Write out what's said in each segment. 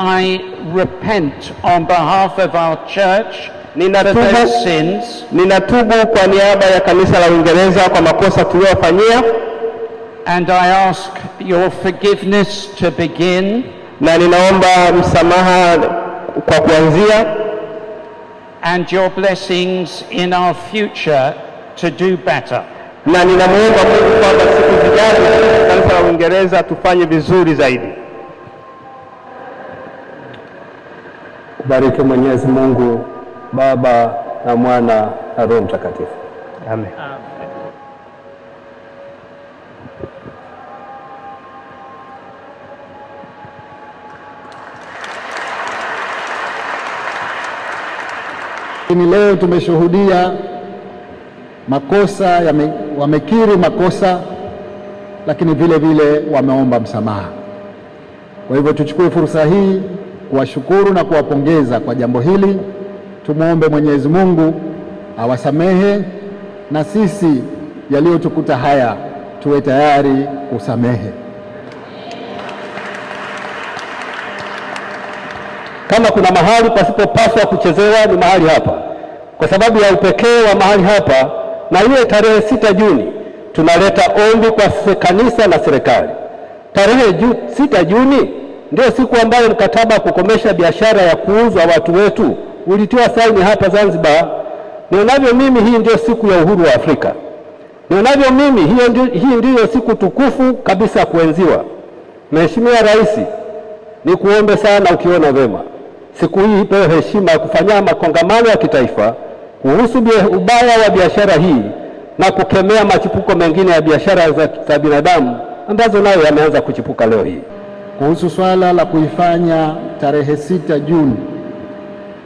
I repent on behalf of our church ninatubu, sins, ninatubu kwa niaba ya kanisa la Uingereza kwa makosa tuliyofanyia. And I ask your forgiveness to begin, na ninaomba msamaha kwa kuanzia. And your blessings in our future to do better, na ninamuomba Mungu kwamba siku zijazo kanisa la Uingereza tufanye vizuri zaidi. Bariki Mwenyezi Mungu Baba na Mwana na Roho Mtakatifu. Amen. Lakini leo tumeshuhudia makosa yame, wamekiri makosa lakini vile vile wameomba msamaha. Kwa hivyo tuchukue fursa hii kuwashukuru na kuwapongeza kwa jambo hili. Tumwombe Mwenyezi Mungu awasamehe na sisi yaliyotukuta haya tuwe tayari kusamehe. Kama kuna mahali pasipopaswa kuchezewa ni mahali hapa, kwa sababu ya upekee wa mahali hapa. Na ile tarehe sita Juni tunaleta ombi kwa kanisa na serikali, tarehe sita Juni ndio siku ambayo mkataba wa kukomesha biashara ya kuuzwa watu wetu ulitiwa saini hapa Zanzibar. Nionavyo mimi, hii ndio siku ya uhuru wa Afrika. Nionavyo mimi, hii ndiyo siku tukufu kabisa kuenziwa. Mheshimiwa Rais, nikuombe sana, ukiona vema, siku hii ipewe heshima ya kufanya makongamano ya kitaifa kuhusu ubaya wa biashara hii na kukemea machipuko mengine ya biashara za, za binadamu ambazo nayo yameanza kuchipuka leo hii kuhusu swala la kuifanya tarehe sita Juni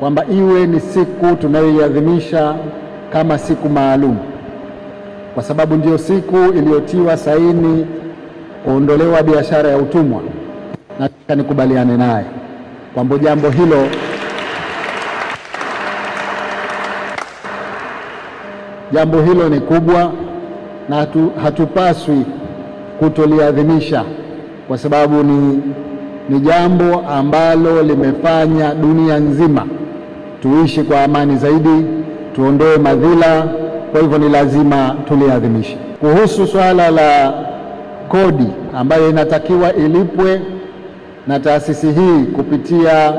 kwamba iwe ni siku tunayoiadhimisha kama siku maalum, kwa sababu ndiyo siku iliyotiwa saini kuondolewa biashara ya utumwa. Nataka nikubaliane naye kwamba jambo hilo jambo hilo ni kubwa na hatu, hatupaswi kutoliadhimisha kwa sababu ni, ni jambo ambalo limefanya dunia nzima tuishi kwa amani zaidi, tuondoe madhila. Kwa hivyo ni lazima tuliadhimishe. Kuhusu swala la kodi ambayo inatakiwa ilipwe na taasisi hii kupitia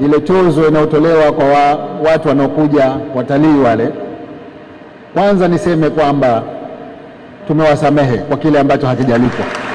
ile tozo inayotolewa kwa wa, watu wanaokuja watalii wale, kwanza niseme kwamba tumewasamehe kwa kile ambacho hakijalipwa.